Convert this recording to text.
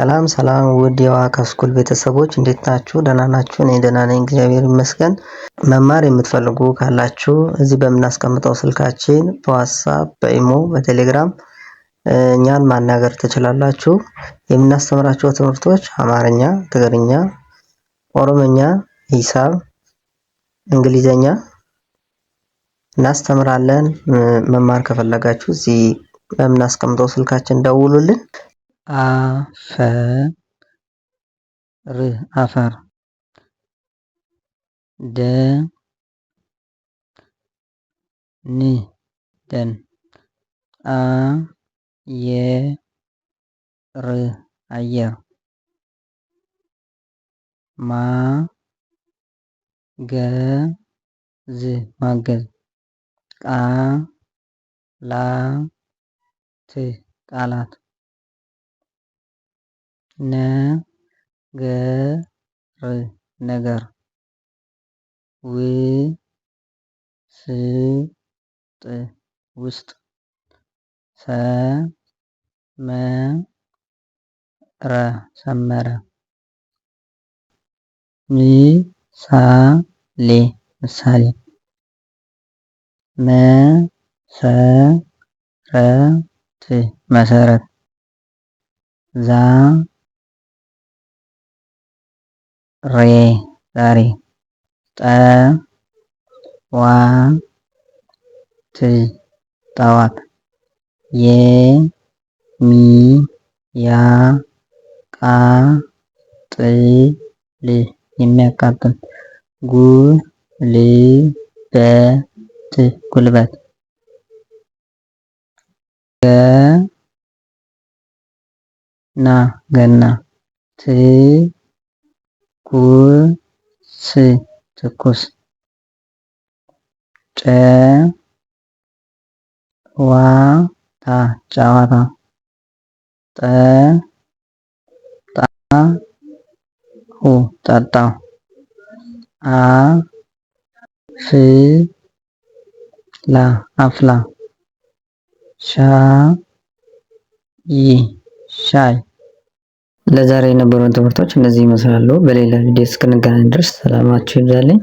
ሰላም ሰላም ውድ የዋካ ስኩል ቤተሰቦች እንዴት ናችሁ? ደህና ናችሁ? እኔ ደህና ነኝ፣ እግዚአብሔር ይመስገን። መማር የምትፈልጉ ካላችሁ እዚህ በምናስቀምጠው ስልካችን በዋትሳፕ፣ በኢሞ፣ በቴሌግራም እኛን ማናገር ትችላላችሁ። የምናስተምራቸው ትምህርቶች አማርኛ፣ ትግርኛ፣ ኦሮምኛ፣ ሂሳብ፣ እንግሊዘኛ እናስተምራለን። መማር ከፈለጋችሁ እዚህ በምናስቀምጠው ስልካችን ደውሉልን። አፈር አፈር ደ ን ደን አ የ ር አየር ማ ገ ዝ ማገዝ ቃ ላ ት ቃላት ነገር ነገር ውስጥ ውስጥ ሰመረ ሰመረ ምሳሌ ምሳሌ መሰረት መሰረት ዛ ሬ ዛሬ ጠ ዋ ት ጠዋት የ ሚ ያ ቃ ጥ ል የሚያቃጥል ጉ ል በ ት ጉልበት ገ ና ገና ት ትኩስ ትኩስ ጨዋታ ጨዋታ ጠጣሁ ጠጣሁ አፍላ አፍላ ሻይ ሻይ ለዛሬ የነበሩን ትምህርቶች እነዚህ ይመስላሉ። በሌላ ቪዲዮ እስክንገናኝ ድረስ ሰላማችሁ ይብዛልኝ።